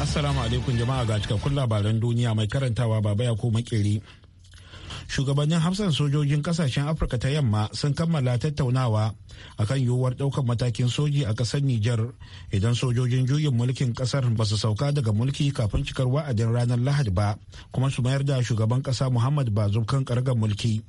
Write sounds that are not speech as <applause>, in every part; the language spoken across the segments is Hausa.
Assalamu alaikum jama'a ga cikakkun labaran duniya mai karantawa baba ya ko makeri. Shugabannin hafsan sojojin kasashen Afirka ta yamma sun kammala tattaunawa akan yiwuwar ɗaukar matakin soji a ƙasar Nijar idan sojojin juyin mulkin ƙasar ba su sauka daga mulki kafin cikar wa'adin ranar Lahadi ba kuma su mayar da shugaban ƙasa Muhammad Bazoum kan ƙargar mulki.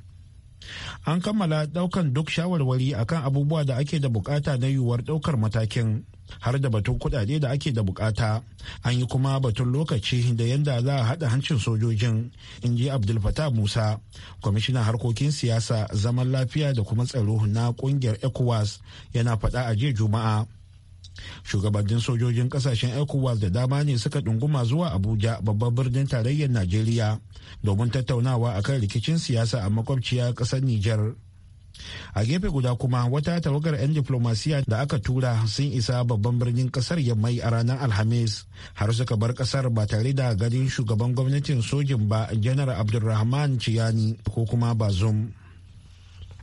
An kammala daukan duk shawarwari akan abubuwa da ake da bukata na yiwuwar daukar matakin har da batun kudade da ake da bukata an yi kuma batun lokaci da yadda za a haɗa hancin sojojin in ji abdulfatah musa kwamishinan harkokin siyasa zaman lafiya da kuma tsaro na ƙungiyar ecowas yana faɗa a jiya juma'a shugabannin sojojin kasashen ecowas da dama ne suka ɗunguma zuwa abuja babban birnin tarayyar najeriya domin tattaunawa akan rikicin siyasa a makwabciya ƙasar niger a gefe guda kuma wata tawagar 'yan diplomasiya da aka tura sun isa babban birnin kasar yammai a ranar alhamis har suka bar kasar ba tare da ganin shugaban gwamnatin sojin ba janar abdulrahman ciyani ko kuma bazum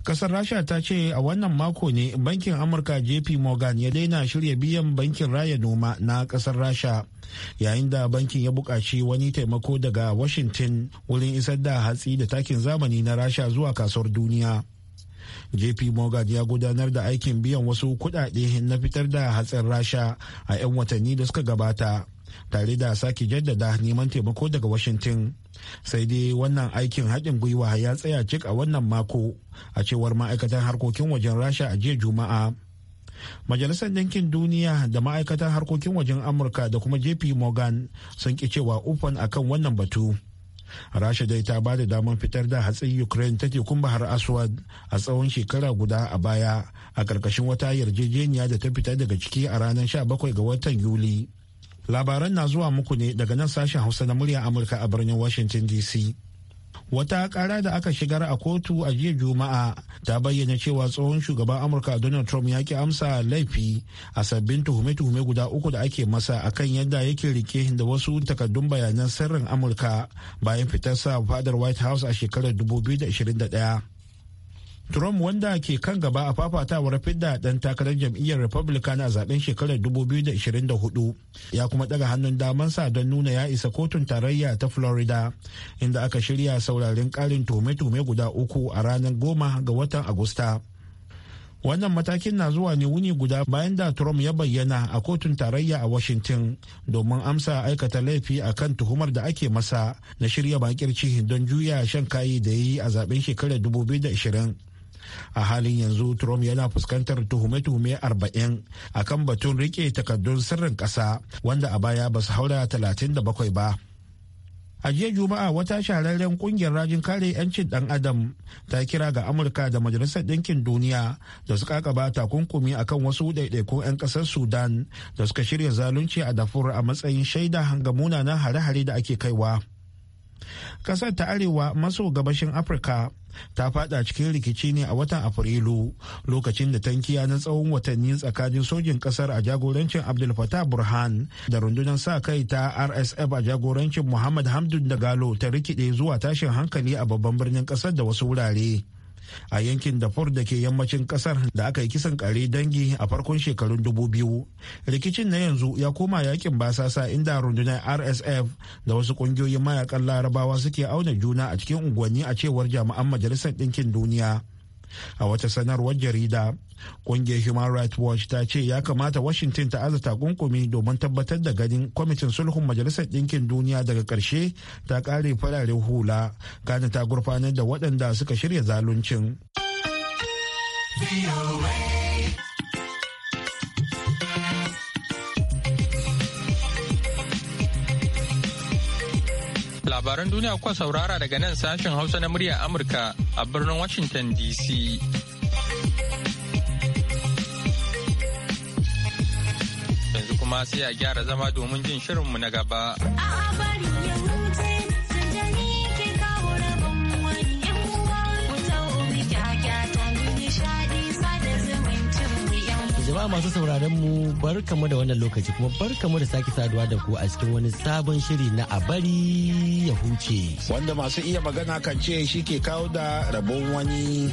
Kasar Rasha ta ce a wannan mako ne bankin Amurka JP Morgan ya daina shirya biyan bankin raya noma na kasar Rasha yayin da bankin ya bukaci wani taimako daga Washington wurin isar da hatsi da takin zamani na Rasha zuwa kasuwar duniya. JP Morgan ya gudanar da aikin biyan wasu kuɗaɗe na fitar da hatsin Rasha a 'yan watanni da suka gabata. tare da sake jaddada neman taimako daga washington sai dai wannan aikin haɗin gwiwa ya tsaya cik a wannan mako a cewar ma'aikatan harkokin wajen rasha a jiya juma'a majalisar ɗinkin duniya da ma'aikatan harkokin wajen amurka da kuma jp morgan sun ki cewa ufan akan wannan batu rasha dai ta ba da damar fitar da hatsin ukraine ta tekun bahar aswad a tsawon shekara guda a baya a ƙarƙashin wata yarjejeniya da ta fita daga ciki a ranar 17 ga watan yuli labaran na zuwa muku ne daga nan sashen hausa na murya amurka a birnin washington dc wata kara da aka shigar a kotu a jiya juma'a ta bayyana cewa tsohon shugaban amurka donald trump ya ki amsa laifi a sabbin tuhume-tuhume guda uku da ake masa akan yadda yake rike da wasu takardun bayanan sirrin amurka bayan sa fadar white house a shekarar 2021 Trump wanda ke kan gaba a fafatawar fidda dan takarar jam'iyyar Republican a zaben shekarar 2024 ya kuma daga hannun damansa don nuna ya isa kotun tarayya ta Florida inda aka shirya sauraren karin tume-tume guda uku a ranar goma ga watan Agusta. Wannan matakin na zuwa ne wuni guda bayan da Trump ya bayyana a kotun tarayya a Washington domin amsa aikata laifi a kan tuhumar da ake masa na shirya bakirci don juya shan kayi da yi a zaben shekarar 2020. a halin yanzu trump yana fuskantar tuhume-tuhume 40 akan batun rike takardun sirrin ƙasa wanda a baya ba su haura 37 ba a jiya juma'a wata shahararren kungiyar rajin kare 'yancin dan adam ta kira ga amurka da majalisar ɗinkin duniya da su kakaba takunkumi akan wasu ɗaiɗaikun 'yan ƙasar sudan da suka shirya zalunci a dafur a matsayin shaida ga munanan hare-hare da ake kaiwa Ƙasar ta Arewa maso gabashin Afirka ta fada cikin rikici ne a watan Afrilu lokacin da tankiya na tsawon watanni tsakanin sojin ƙasar a jagorancin Abdul Fattah Burhan da rundunar sa kai ta RSF a jagorancin Muhammad Hamdun Dagalo ta rikide zuwa tashin hankali a babban birnin ƙasar da wasu wurare. a yankin dafur da ke yammacin kasar da aka yi kisan kare dangi a farkon shekarun dubu biyu rikicin na yanzu ya koma yakin basasa inda rundunar rsf da wasu kungiyoyin mayakan larabawa suke auna juna a cikin unguwanni a cewar jami'an majalisar ɗinkin duniya a wata sanarwar jarida Ƙungiyar Human Rights Watch ta ce ya kamata Washington ta aza takunkumi domin tabbatar da ganin kwamitin sulhun Majalisar Ɗinkin Duniya daga ƙarshe ta ƙare fararen hula, kana ta gurfanar da waɗanda suka shirya zaluncin. Labaran duniya kuwa saurara daga nan sashen Hausa na murya Amurka a birnin Washington DC. kuma sai a gyara zama domin jin shirinmu na gaba. jama'a masu sauraron mu barkamu da wannan lokaci kuma barkamu da sake saduwa da ku a cikin wani sabon shiri na abari ya huce wanda masu iya magana kan ce shi ke kawo da rabon wani.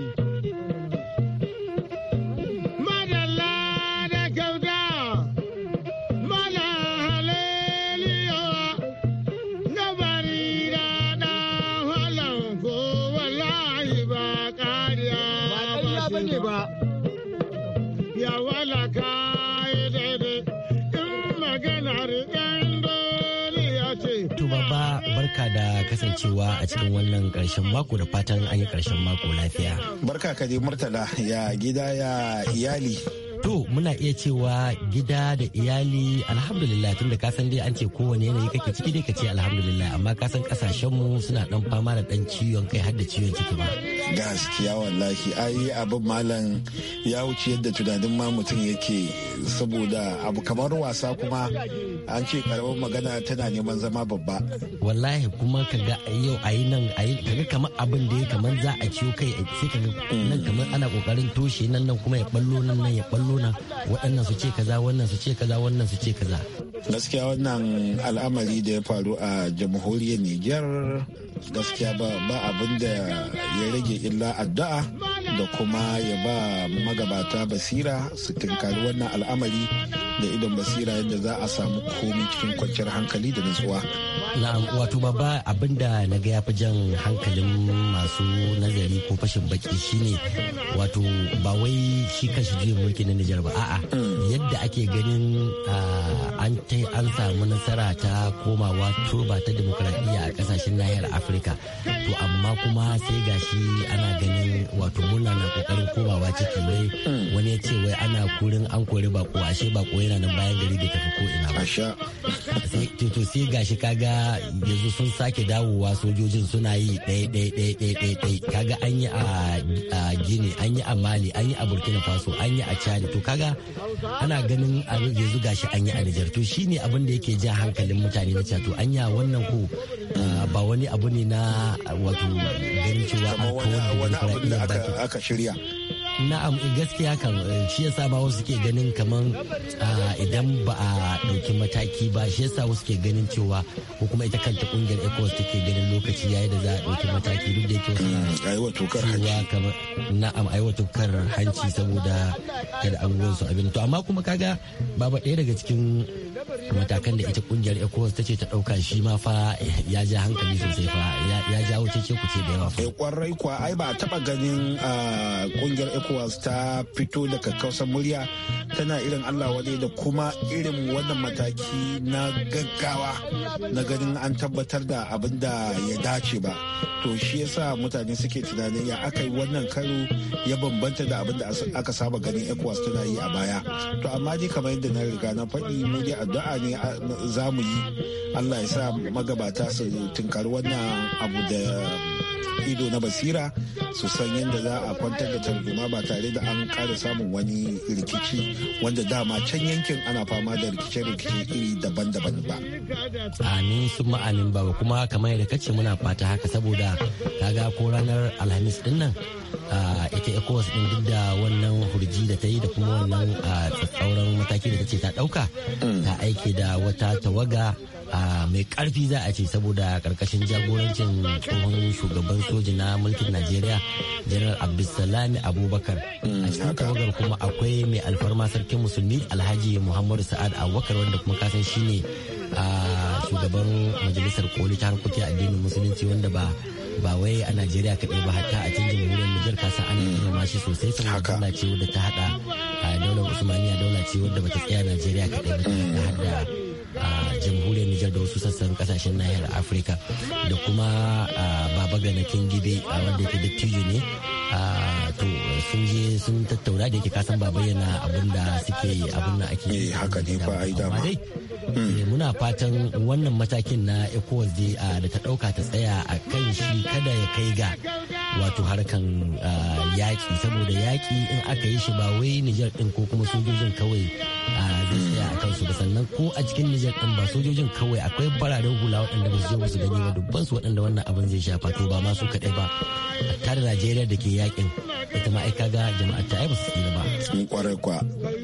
sani ba ya wala ya in magana rikin ya ce to barka da kasancewa a cikin wannan karshen mako da fatan an yi karshen mako lafiya barka ka je murtala ya gida ya iyali muna iya cewa gida da iyali alhamdulillah tunda ka san dai an ce kowane yanayi kake ciki dai ka ce alhamdulillah amma ka san kasashen mu suna dan fama da dan ciwon kai har da ciwon ciki ba gaskiya wallahi ai abin malam ya wuce yadda tunanin ma mutum yake saboda abu kamar wasa kuma an ce karamar magana tana neman zama babba wallahi kuma ka ga yau a yi nan yi kaga kamar abin da ya kamar za a ciwo kai sai kaga nan kamar ana kokarin toshe nan nan kuma ya ballo nan nan ya ballo nan waɗannan su ce kaza wannan su ce kaza wannan su ce kaza gaskiya wannan al'amari da ya faru a jamhuriyar nijar gaskiya ba abin da ya rage illa addu'a da kuma ya ba magabata basira su tinkari wannan al'amari da idon basira yadda za a samu komi cikin kwanciyar hankali da nutsuwa na'am wato babba abinda na ga yafi jan hankalin masu nazari ko fashin baki shine wato ba wai shi kashi juyin mulki na Nijar ba a'a yadda ake ganin an an samu nasara ta komawa turba ta demokradiyya a kasashen nahiyar Afirka to amma kuma sai gashi ana ganin wato muna na kokarin komawa ciki wai wani ya ce wai ana kurin an kori bako ashe bako yana nan bayan gari da tafi ko ina ba sai gashi kaga yanzu sun sake dawowa sojojin suna yi ɗaya ɗaya ɗaya kaga an yi a gini an yi a mali an yi a burkina faso an yi a cari to kaga ana ganin abin yanzu gashi an yi a nijar to shine abin da yake ja hankalin mutane na to anya wannan ko ba wani abu ne na wato ganin cewa an kawar da aka shirya na'am eh, gaskiya kan eh, shi yasa ba wasu ke ganin kamar ah, idan ba a ɗauki mataki ba shi yasa wasu ke ganin cewa ko kuma ita kanta kungiyar ecowas take ganin lokaci yayi da za a ɗauki mataki duk da yake wasu mm, hanci na'am hanci saboda kada an su abin to amma kuma kaga ba ɗaya daga cikin matakan da ita kungiyar ecowas ta ce ta dauka shi ma fa ya ja hankali sosai fa ya jawo cece kuce da yawa fa eh, kwarai kuwa ai ba taba ganin ah, kungiyar ecowas ta fito da kakkausar murya tana irin allah wadai da kuma irin wannan mataki na gaggawa na ganin an tabbatar da abin da ya dace ba to shi yasa mutane suke tunanin ya aka yi wannan karo ya bambanta da abin da aka saba ganin ecowas tana yi a baya to amma dai kamar yadda na riga na faɗi mu dai a addu'a ne za mu yi allah ya sa magabata su tunkari wannan abu da ido na basira su san yadda za a kwantar da tarzoma ba tare da an kara samun wani rikici wanda dama can yankin ana fama da rikice-rikice iri daban-daban ba. Amin sun ma'anin ba kuma kamar yadda kace muna fata haka saboda kaga ko ranar Alhamis din nan ita ECOWAS din duk da wannan hurji da ta yi da kuma wannan tsauran mataki da ta ce ta ɗauka mm. ta aiki da wata tawaga mai karfi za a ce saboda ƙarƙashin jagorancin tsohon shugaban babban soji na mulkin najeriya janar abdulsalami abubakar mm, a cikin tawagar kuma akwai mai alfarma sarkin musulmi alhaji muhammadu sa'ad abubakar wanda kuma kasan shine a shugaban majalisar koli ta harkoki addinin musulunci wanda ba ba wai a najeriya kaɗai ba hatta a cikin jamhuriyar nijar kasa ana girma shi sosai saboda daula ce wadda ta hada daular usmaniya daula ce wadda bata tsaya najeriya kaɗai ba ta hada a jamhuriyar Nijar da wasu sassan kasashen nahiyar Afirka da kuma Baba Gana a wanda yake dattijo ne to sun je sun tattauna da yake kasan ba yana abin da suke abin da ake yi eh, haka ne ba ai dama hmm. eh, muna fatan wannan matakin na ECOWAS da ta dauka ta tsaya a kan shi kada ya kai ga wato harkan yaƙi saboda yaƙi in aka yi shi ba wai Nijar din ko kuma sojojin kawai su ba sannan ko a cikin Nijar din ba sojojin kawai akwai bararen hula waɗanda ba su je ba su gani ba dubban su waɗanda wannan abin zai shafa to ba ma su kaɗai ba Tare Najeriya da ke yakin ita ma aika ga jama'a ta ba su tsira ba. Mun kwarai kwa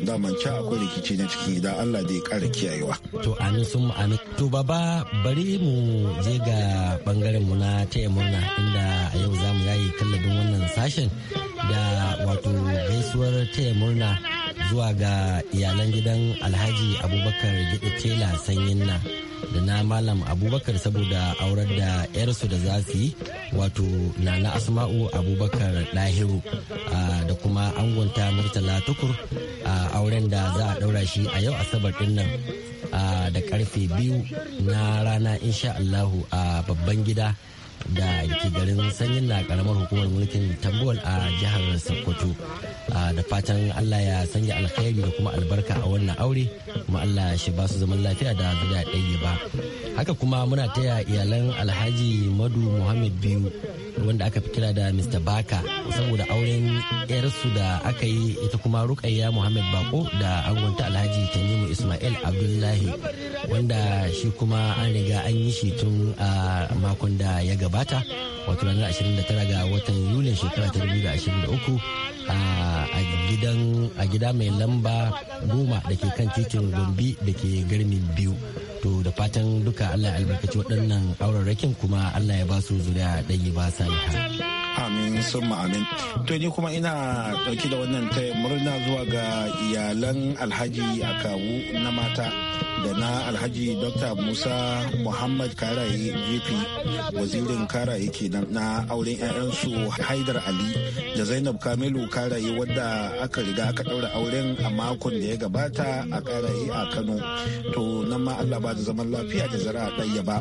da can akwai rikici na ciki gida Allah da ƙara kiyayewa. To amin sun mu To baba bari mu je ga bangaren mu na taya murna inda a yau za mu yayi kallabin wannan sashen da wato gaisuwar taya murna zuwa ga iyalan gidan alhaji abubakar gida tela sanyin na da na malam abubakar saboda aurar da yarsu da za su yi wato nana asma'u abubakar lahiru da kuma angonta murtala tukur a auren da za a daura shi a yau asabar ɗinnan nan da karfe biyu na rana insha allahu a babban gida da ke garin sanyin na karamar hukumar mulkin tambol a jihar sokoto da fatan allah ya sanya alkhairi da kuma albarka a wannan aure kuma allah shi ba su zaman lafiya da a ɗaya ba haka kuma muna taya iyalan alhaji madu muhammad biyu wanda aka fi kira da Mr. Baka saboda auren yarsu da aka yi ita kuma Rukayya Muhammad Bako da angonta Alhaji Tanimu Ismail Abdullahi wanda shi kuma an riga an yi shi tun a makon da ya gabata wato ranar 29 ga watan Yulin shekara 2023 a gidan a gida mai lamba goma da ke kan titin gombe da ke garmin biyu to da fatan duka allah ya albarkaci waɗannan aurarrakin kuma allah ya ba su zuriya ɗanyi ba saliha sun ma'amin to ni kuma ina dauki da wannan ta murna zuwa ga iyalan alhaji akawu na mata da na alhaji dr musa muhammad karaye gp wazirin karaye kenan na auren 'ya'yansu haidar ali da zainab kamilu karaye wadda aka riga aka ɗaura auren a makon da ya gabata a karaye a kano to nan ma allah ba da zaman lafiya da zara ɗaya ba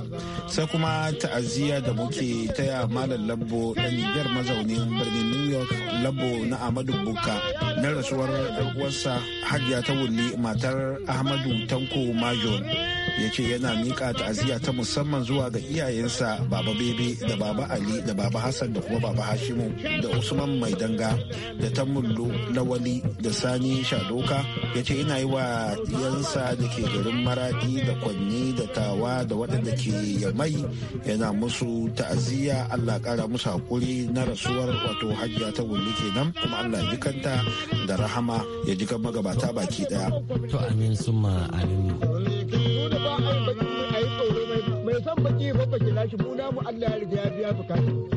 sai kuma ta'aziyya da muke taya malam labbo ɗan mazaunin birnin new york labo na amadu buka na rasuwar uwarsa hajiya ta wulli matar ahmadu tanko majon ya ce yana miƙa ta'aziyya ta musamman zuwa ga iyayensa baba bebe da baba ali da baba hassan da kuma baba hashimu da usman mai danga da ta na wali da sani shadoka ya ce yana yi wa yansa da ke garin maradi da kwanni da tawa da waɗanda ke yamai yana musu ta'aziyya allah ƙara musu haƙuri na rasuwar wato hajiya ta gulli kenan kuma allah ji kanta da rahama ya kan magabata baki ɗaya. to amin summa baki mu ba a yi baki a yi tsoro mai san baki ba baki lashi mu namu Allah ya riga ya biya bukatu.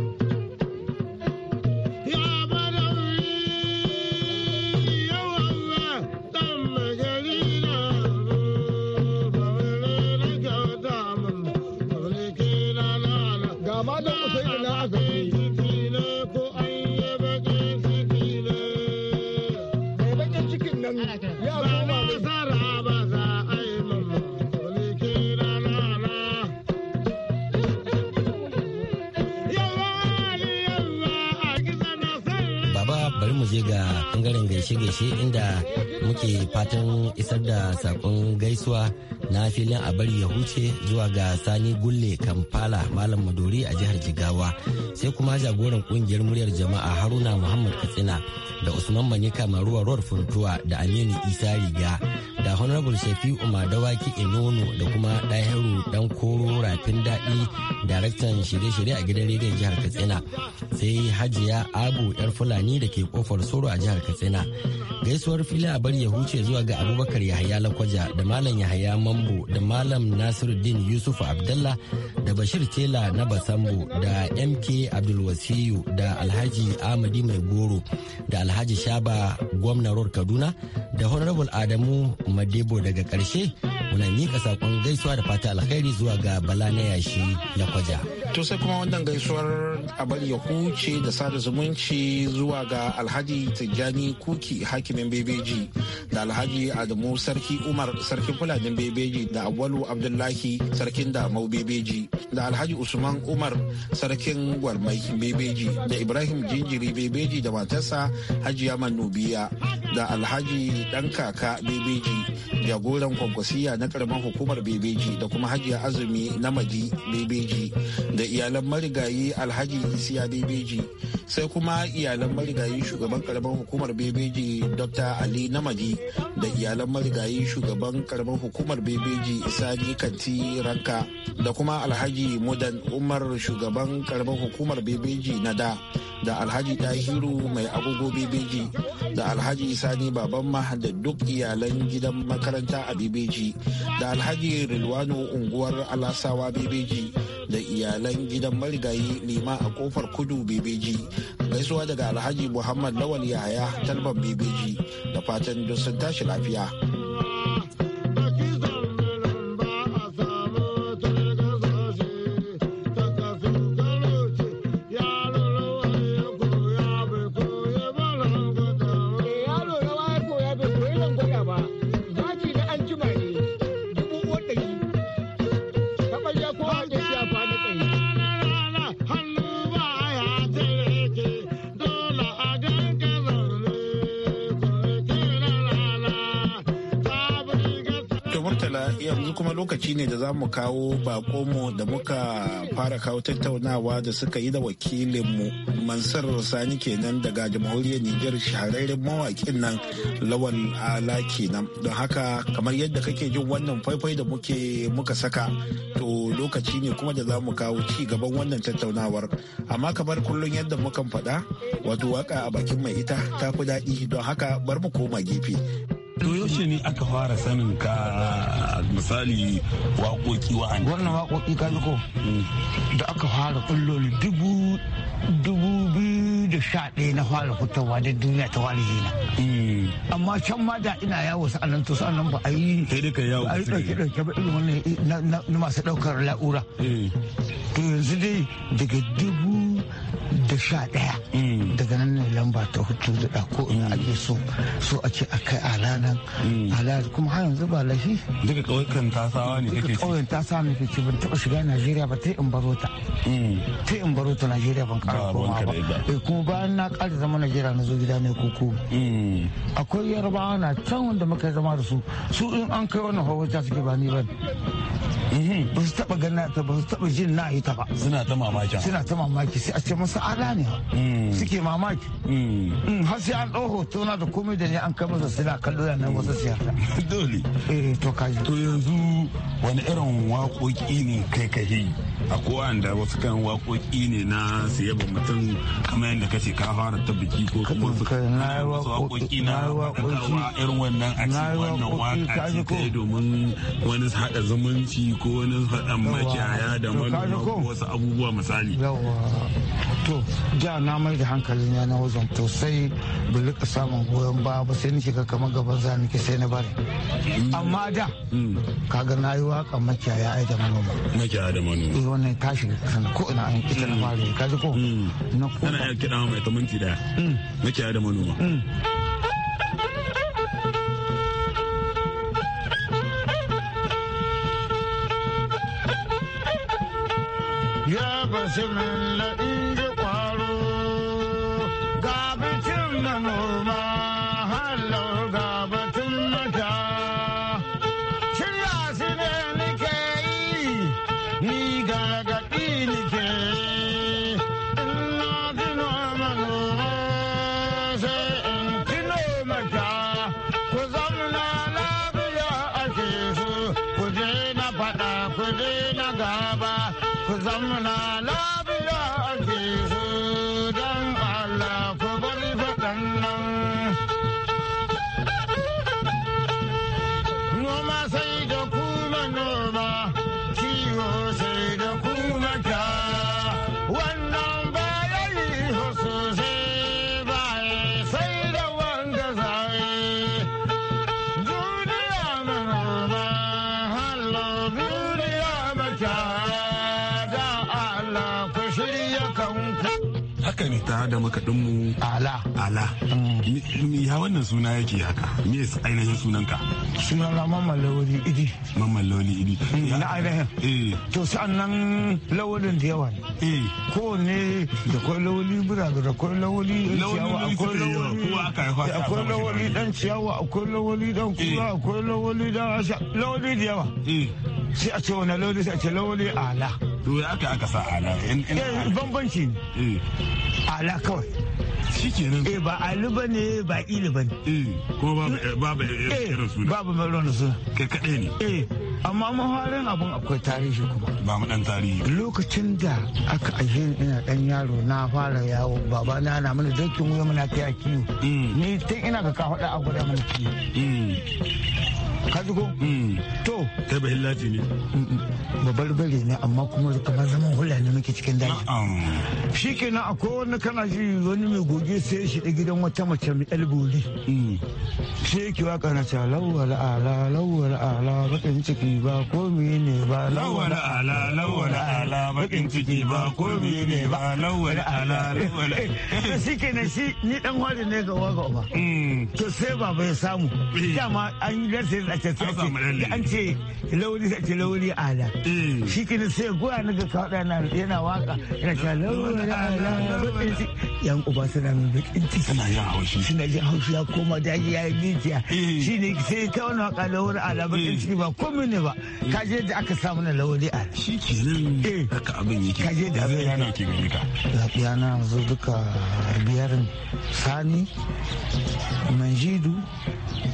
ƙarshe inda muke fatan isar da sakon gaisuwa na filin a bari ya huce zuwa ga sani gulle kampala malam madori a jihar jigawa sai kuma jagoran ƙungiyar muryar jama'a haruna muhammad katsina da usman manika maruwa ruwar funtuwa da aminu isa riga da honorable shafi dawaki inono da kuma ɗahiru dan koro rafin daɗi daraktan shirye-shirye a gidan rediyon jihar katsina sai hajiya abu yar fulani da ke kofar soro a jihar katsina gaisuwar fili a bar ya huce zuwa ga abubakar yahaya lakwaja da malam yahaya mambo da malam nasiruddin yusuf abdallah da bashir tela na basambo da mk abdulwasiyu da alhaji amadi mai goro da alhaji shaba gwamna kaduna da honorable adamu madebo daga karshe muna miƙa saƙon gaisuwa da fata alkhairi zuwa ga bala na yashi lakwaja. to sai kuma wannan gaisuwar abar ya huce da sada zumunci zuwa ga alhaji tijjani kuki hakimin bebeji da alhaji adamu sarki umar sarkin fulanin bebeji da awalu abdullahi sarkin damau bebeji da alhaji usman umar sarkin gwalmai bebeji da ibrahim jinjiri bebeji da matarsa hajiya manubiya da alhaji dan kaka bebeji jagoran kwankwasiya na karamar hukumar bebeji da kuma hajiya azumi na maji bebeji da iyalan marigayi alhaji isiya bebeji sai kuma iyalan marigayi shugaban karamar hukumar bebeji dr ali namadi da iyalan marigayi shugaban karamar hukumar bebeji isaji kanti ranka da kuma alhaji mudan umar shugaban karamar hukumar bebeji na da da alhaji dahiru mai agogo bebeji da alhaji sani babanma da duk iyalan gidan makaranta a bebeji da alhaji rilwano unguwar alasawa bebeji da iyalan iyalan gidan marigayi lima a kofar kudu bebeji gaisuwa daga alhaji muhammad lawal yahaya talban bebeji da fatan duk sun tashi lafiya Murtala yanzu kuma lokaci ne da za mu kawo bakonmu da muka fara kawo tattaunawa da suka yi da wakilinmu Mansur Sani kenan daga jamhuriyar niger shahararren mawakin nan Lawal Ala kenan. Don haka kamar yadda kake jin wannan faifai da muke muka saka to lokaci ne kuma da za mu kawo ci gaban wannan tattaunawar. Amma kamar kullum yadda mukan faɗa wato waka a bakin mai ita ta fi daɗi don haka bar mu koma gefe to yaushe ne aka fara sanin ka misali waƙoƙi an wannan waƙoƙi ka ko da aka fara kulloli dubu dubu biyu da sha ɗaya na fara fitowa da duniya ta wani zina hmm. amma can ma da ina yawo anan to nan ba a yi a yi ɗauke ɗauke ba irin wannan na masu ɗaukar la'ura hmm. to yanzu dai daga dubu sha ɗaya mm. daga nan ne lamba ta hutu da ko ina mm. ake so so a ce a kai alanan mm. kuma har yanzu ba lafi duka ƙauyukan tasawa ne kake ci ƙauyen tasawa ne kake ban taɓa shiga najeriya ba ta in baro ta ta in baro ta najeriya ban ƙara koma ba eh, kuma bayan na ƙara zama najeriya na zo gida ne koko akwai yarbawa na can wanda muka zama da su su in an kai wannan hawa ta suke ba ni ba Mhm. ba su taba gana ta ba su taba jin na ita ba suna ta mamaki suna ta mamaki sai a ce masa ala ne mm. suke mamaki mm. Mm, har sai an ɗau tona na da komai da ne an kai masa suna kallo da nan wasu siyasa <laughs> dole eh to kaji to yanzu wani irin waƙoƙi ne kai yi a da wasu kan waƙoƙi ne na siya ba mutum kamar yadda kace ka fara ta biki ko kuma su waƙoƙi na waƙoƙi irin wannan a cikin wannan waƙa ce kai domin wani haɗa zumunci ko wani haɗan makiyaya da manoma ko wasu abubuwa misali to ja na mai da hankali ne na wajen to sai bulu ka samun goyon ba ba sai ni shiga kamar gaba za nake sai na bari mm. amma da mm. kaga na yi waka makiyaya ai da manoma makiyaya da manoma eh wannan tashi kan ko ina an ita na mm. fara ji ko na ko kana kiɗa mai ta da makiyaya da manoma mutumin na inji kwaro ga bikin na noma halar ga batun mata shirya su ne nike yi ni gargaɗi nike ina tuno manoma sai in tuno mata ku zamna lafiya ake so ku je na faɗa ku je na gaba ku zamuna zamna lafiya. makaɗinmu ala ala mm. ya wannan suna yake haka me ainihin sunanka sunana mamman lawali idi mamman lawali idi mm, na ainihin eh. to sa'an nan lawalin da yawa ne eh. kowane da kwai lawali bura da kwai lawali akwai lawali dan ciyawa akwai lawali dan eh. kura akwai lawali dan lawali da yawa sai a ce wani lawali sai a ce lawali ala to ya aka aka sa ala eh, eh, bambanci eh. ala kawai shikenan eh ba alu ba ne ba ilu ba ne eh ko ba babu irin suna Ba mai rona suna kai kadai ne eh amma maharin abun akwai tarihi kuma ba mu dan tarihi lokacin da aka ashe ina dan yaro na fara yawo baba na na mana dokin wuya muna kai a kiwo mm. ni tun ina ka ka faɗa a guda mana kiwo ka mm. to kai bai lati ne babbar bare ne amma kuma kamar zaman hula ne muke cikin daji shikenan akwai wani kana ji wani mai goge sai shi da gidan wata mace mai albori mm. sai yake waka na ta lawal ala lawal ala bakin ciki ba ko ne ba lawal ala lawal ala bakin ciki ba ko ne ba lawal ala lawal ala mm. <laughs> shikenan shi ni dan wani ne ga waka ba to sai baba ya samu dama an yi ce an ce lauri sai ce lauri ala eh. shi kini sai goya na ga kawo na yana waka yana ce lauri ala yan uba suna mai bakin ciki suna yin haushi suna jin haushi ya koma daji ya yi rijiya eh. shi ne sai ta wani waka lauri ala bakin eh. ciki ba komai ne ba ka je da aka samu na lauri ala shi kenan haka abin yake ka je da abin yana ke gani ka zaɓiya na zo duka biyar sani manjidu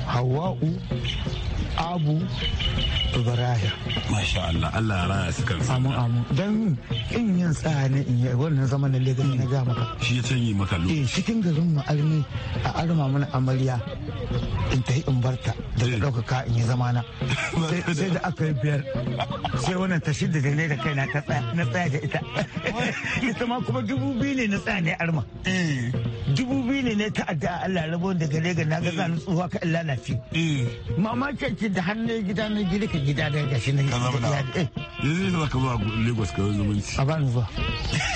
hawa'u abu baraya masha Allah Allah ya raya sukan amu amu dan in yin tsani in yi wannan zaman da legani na ga maka shi ya canyi maka lu eh cikin garin mu almi a arma mana amarya in ta yi in barta eh. da dauka ka in yi zamana <laughs> sai da aka yi biyar sai wannan ta shidda da ne da kai na tsaya da ita <laughs> ita ma kuma dubu biyu ne na tsaya ne arma eh. dubu ne ne ta'adda Allah rabo da gare ga na ga eh. zan tsuwa ka Allah eh. na fi mama ce ce da hannun gida na gida ka gida da gashi na ka zama da yanzu ne ka zuwa Lagos ka zumunci a ba ni zuwa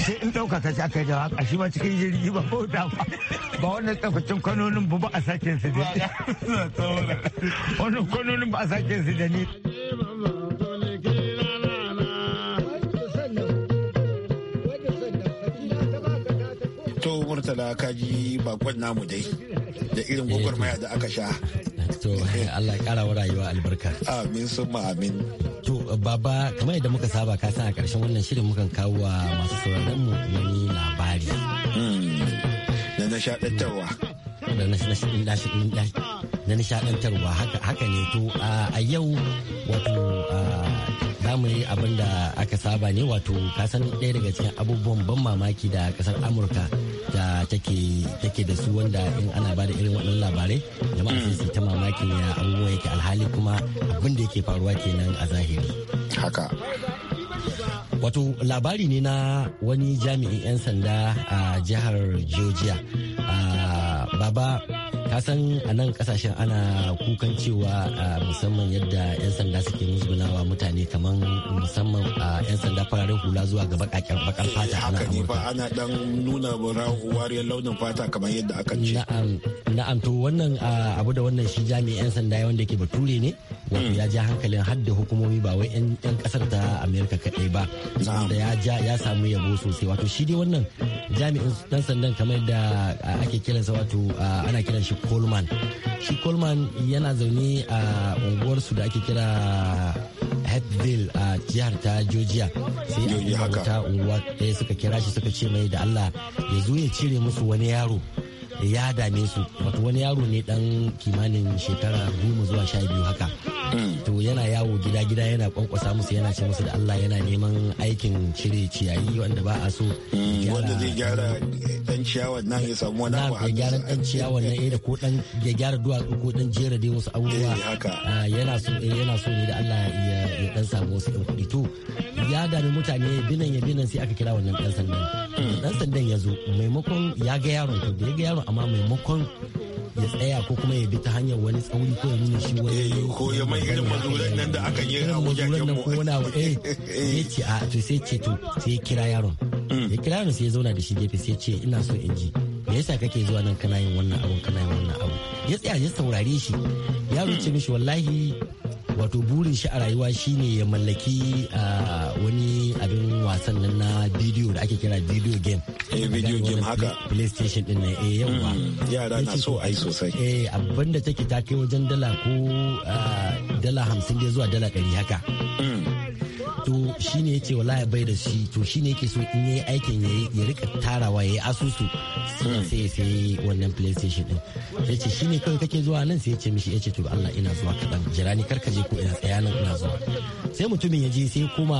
sai in dauka ka ci aka da waka shi ma cikin jirgi ba ko da ba ba wannan tsafacin kwanonin ba ba a sake su da wannan kwanonin ba a sake su da ni murtala kaji bakon namu dai da irin eh, gwagwarmaya da aka sha to eh, Allah ya kara wa rayuwa albarka amin summa amin to baba kamar yadda muka saba ka san a karshen wannan shirin muka kawo wa masu sauraron mu wani labari hmm, na Da na nishadantarwa haka ne to a yau wato za mu yi abin da aka saba ne wato kasan ɗaya daga cikin abubuwan ban mamaki da kasar amurka da take da su wanda in ana bada irin waɗannan labarai jama'a sai su ta mamakin ya abubuwa yake alhali kuma abin da yake faruwa kenan a zahiri haka wato labari ne na wani jami'in 'yan sanda a jihar georgia ah, baba ka san a nan kasashen ana kukan cewa musamman yadda 'yan sanda suke musgunawa mutane kamar musamman 'yan sanda fararen hula zuwa ga bakar eh, fata a nan amurka ana dan nuna wariyar launin fata kamar yadda aka ce na'am to wannan abu da wannan shi jami'an 'yan sanda wanda ke bature ne wato hmm. ya ja hankalin hadda hukumomi ba wai yan kasar ta amerika kaɗai ba da ya ja ya samu yabo sosai wato shi dai wannan jami'in dan sandan kamar da ake kiransa wato ana kiran shi coleman shi coleman yana zaune a unguwarsu da ake kira Headville a jihar ta Georgia sai a wata unguwa ɗaya suka kira shi suka ce mai da Allah ya zo ya cire musu wani yaro ya dame su wato wani yaro ne dan kimanin shekara goma zuwa sha biyu haka to yana yawo gida gida yana kwankwasa musu yana ce musu da Allah yana neman aikin cire ciyayi wanda ba a so mm, wanda zai gyara dan eh, ciyawar nan ya samu wani abu ya gyara dan ciyawar nan eh, da ko dan ya gyara duwatsu ko dan jera dai wasu abubuwa eh, ah, yana so yana so ne da Allah ya dan samu wasu ɗan kuɗi to ya dami mutane binan ya binan sai aka kira wannan dan sandan dan mm. sandan ya zo maimakon ya ga yaron to da ya ga yaron amma maimakon ya tsaya ko kuma ya bi ta hanyar wani tsauri ko ya nuna shi wani eh, ko ya mai irin mazuran nan da akan yi a wajen mu ko wani abu eh ya <laughs> ce a ah, to sai ce to sai kira yaron mm. ya kira yaron sai ya zauna da shi gefe sai ce ina so in ji me yasa kake zuwa nan kana yin wannan abu kana yin wannan abu ya tsaya ya saurare shi yaro ce mishi wallahi wato burin shi a rayuwa shine ya mallaki wani abin wasan nan na bidiyo da ake kira bidiyo game eh bidiyo game haka playstation din nan eh yawa mm, yara na so ai sosai eh abinda take ta kai wajen dala ko dala hamsin zuwa dala ɗari haka mm. to shine yace wallahi bai da shi to shine yake so in yayi aikin ya rika tarawa yayi asusu sai sai wannan playstation din yace shine kawai kake zuwa nan sai yace mishi yace to Allah ina zuwa kadan jira ni karka je ko ina tsaya nan ina zuwa sai mutumin ya je sai koma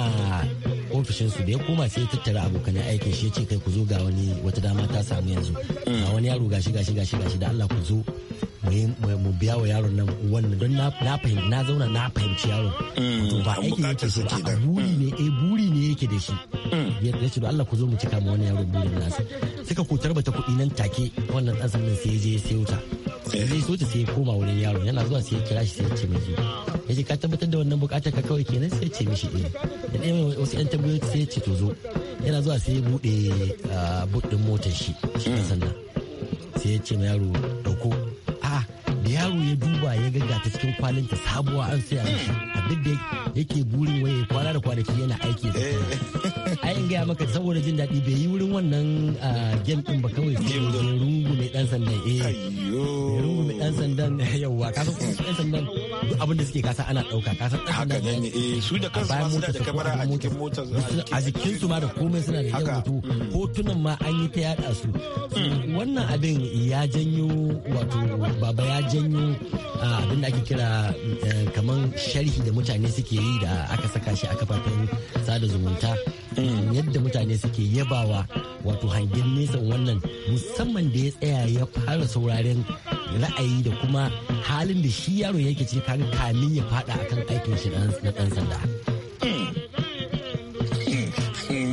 ofishin su da ya koma sai ya tattara abokan aikin shi yace kai ku zo ga wani wata dama ta samu yanzu ga wani yaro gashi gashi gashi gashi da Allah ku zo mu biya wa yaron nan wannan don na fahimci na zauna na fahimci yaron mm, to ba aiki yake so ba buri ne mm. eh buri ne yake da shi mm. ya ce Allah ku zo mu cika ma wani yaro burin nasa suka ko tarbata kuɗi nan take wannan dan sandan sai je eh. sai wuta sai so ta sai koma wurin yaron yana zuwa sai kira shi sai ya ce miki ya ce ka tabbatar da wannan bukatar ka kawai kenan sai ya ce mishi eh da ɗaya wasu 'yan tambayoyi sai ya ce to zo yana zuwa sai ya buɗe ah, buɗin motar shi shi sannan sai ya ce ma yaro dauko ya duba ya ga ta cikin ta sabuwa an saya a abin da yake burin waye kwana da kwanaki yana aiki eh. ai in gaya maka saboda jin daɗi bai yi wurin wannan ah, game din ba kawai sai rungu mai dan sanda eh yan sandan yawwa kasan su yan sandan abin da suke kasa ana dauka kasan yan sandan ne eh, su da kansu ma suna da kamara a jikin motar a jikin su ma da komai suna da yawan hoto mm. hotunan ma an yi ta yada su wannan abin ya janyo wato baba ya janyo abin da ake kira eh, kaman sharhi da mutane suke yi da aka saka shi a kafafen sada zumunta Mm, yadda mutane suke yabawa wato hangen nesan wannan musamman da ya tsaya ya fara sauraren ra'ayi da kuma halin da shi yaro yake ce kan kamin ya fada akan aikin shi na ɗan sanda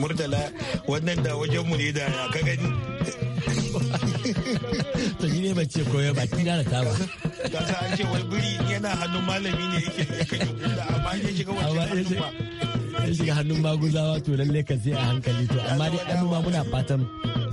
murtala wannan da wajenmu ne da ka gani <laughs> Ta shi ne ce koyo ba tina da ba. ta sa an ce wai biri yana hannun malami ne yake yake da amma ya shiga wajen hannun ba ya shiga hannun maguzawa to lalle ka sai a hankali to amma dai dan ma muna fatan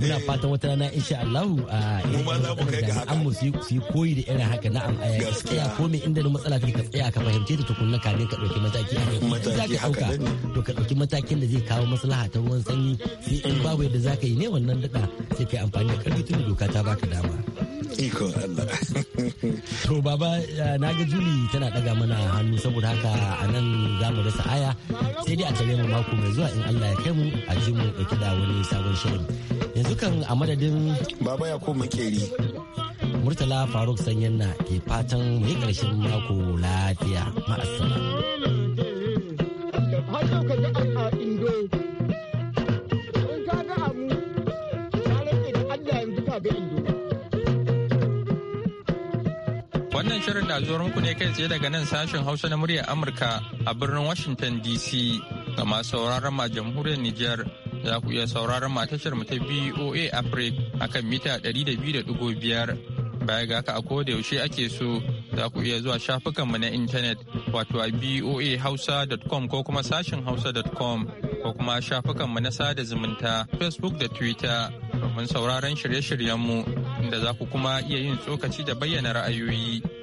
muna fatan wata rana insha Allah a ma za mu kai ga haka amma su su koyi da irin haka na an gaskiya ko me inda da matsala ka tsaya ka fahimce ta tukunna ka ne ka dauki mataki a mataki haka to ka dauki matakin da zai kawo maslaha ta ruwan sanyi sai in babu yadda zaka yi ne wannan dada sai kai amfani da karfi tun doka ta baka dama Ikon Allah. <laughs> To baba na ga Juli tana daga mana hannu saboda haka a nan za mu rasa aya sai dai a tare mu mako mai zuwa in Allah ya kai mu a ji mu ɗauki da wani sabon shirin. Yanzu kan a madadin Baba ya koma keri. Murtala Faruk Sanyanna ke fatan mu yi ƙarshen mako lafiya ma'asala. shirin na zuwa muku ne kai tsaye daga nan sashen Hausa na muryar Amurka a birnin Washington DC. Ga masu sauraron ma jamhuriyar niger za ku iya sauraron ma tashar mu ta VOA Africa akan mita 200.5. Baya ga haka a koda yaushe ake so za ku iya zuwa mu na intanet wato a boahausa.com ko kuma sashen hausa.com ko kuma shafukanmu na sada zumunta facebook da twitter domin sauraron shirye-shiryenmu inda za ku kuma iya yin tsokaci da bayyana ra'ayoyi.